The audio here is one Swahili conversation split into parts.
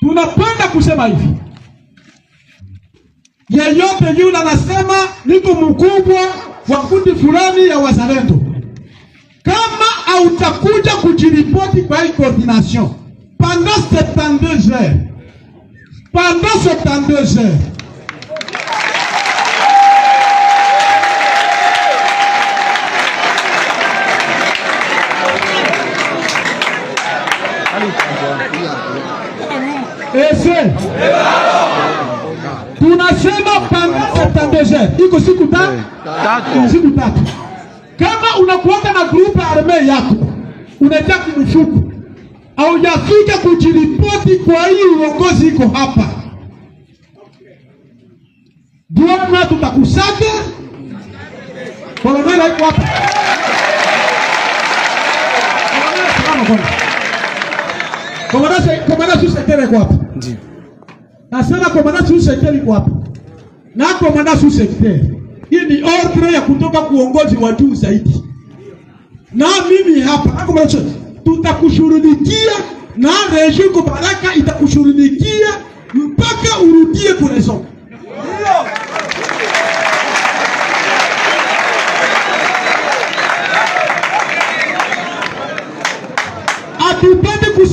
tunapenda kusema hivi, yeyote yule anasema niko mkubwa wa kundi fulani ya wazalendo, kama hautakuja kujiripoti kwa hii coordination pendant 72 heures pendant 72 heures Yesu. Tunasema tangaza tandeje. Iko siku eh, tatu. Siku tatu. Kama unakuanga na grupu ya arme yako, unataka kumfuku. Haujafika kujiripoti kwa hii uongozi iko hapa. Bwana tutakusaka. Kolonel haiko hapa. Kolonel, simama kwanza. Komanda Susekere yuko hapa. Ndio. Nasema Komanda Susekere yuko hapa. Na Komanda Susekere. Hii ni ordre ya kutoka kuongozi wa juu zaidi. Na mimi hapa Komanda tutakushurudikia na reji baraka itakushurudikia mpaka urudie kwa raison.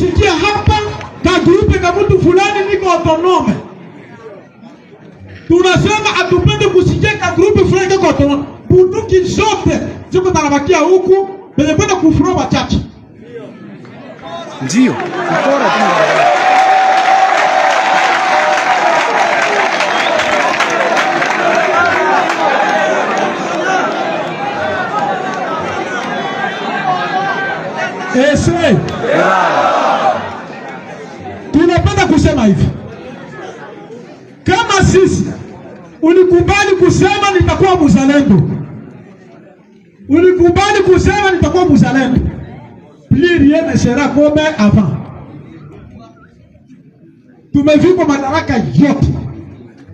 kusikia hapa kagurupe ka mtu fulani niko autonome. Tunasema atupende kusikia kagurupe fulani niko autonome. Bunduki zote ziko tarabakia huku penye kwenda kufura wachache. Ndio. Esse. Yeah. Nataka kusema hivi, kama sisi ulikubali kusema nitakuwa mzalendo, ulikubali kusema nitakuwa mzalendo, plus rien ne sera comme avant. Tumevikwa madaraka yote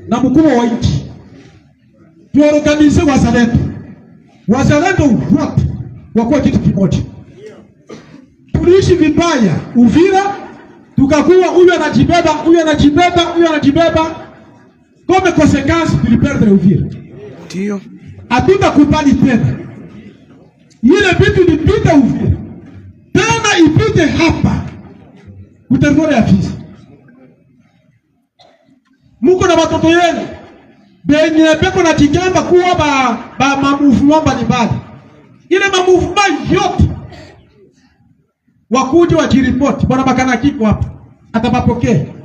na mkubwa wa nchi, tuorganize wazalendo, wazalendo wote wakuwa kitu kimoja. Tuliishi vibaya Uvira tukakuwa huyu anajibeba, huyu anajibeba, huyu anajibeba. Comme conséquence, tuliperdre Uvira. Ndio. Hatutakubali tena. Ile vitu lipite Uvira. Tena ipite hapa. Kuterivore ya Fizi. Muko na watoto yenu. Benye peko na chikamba kuwa ba, ba mamuvuma mbalimbali. Ile mamuvuma yote wakuje wajiripoti. Bwana Bakana kiko hapa atawapokea.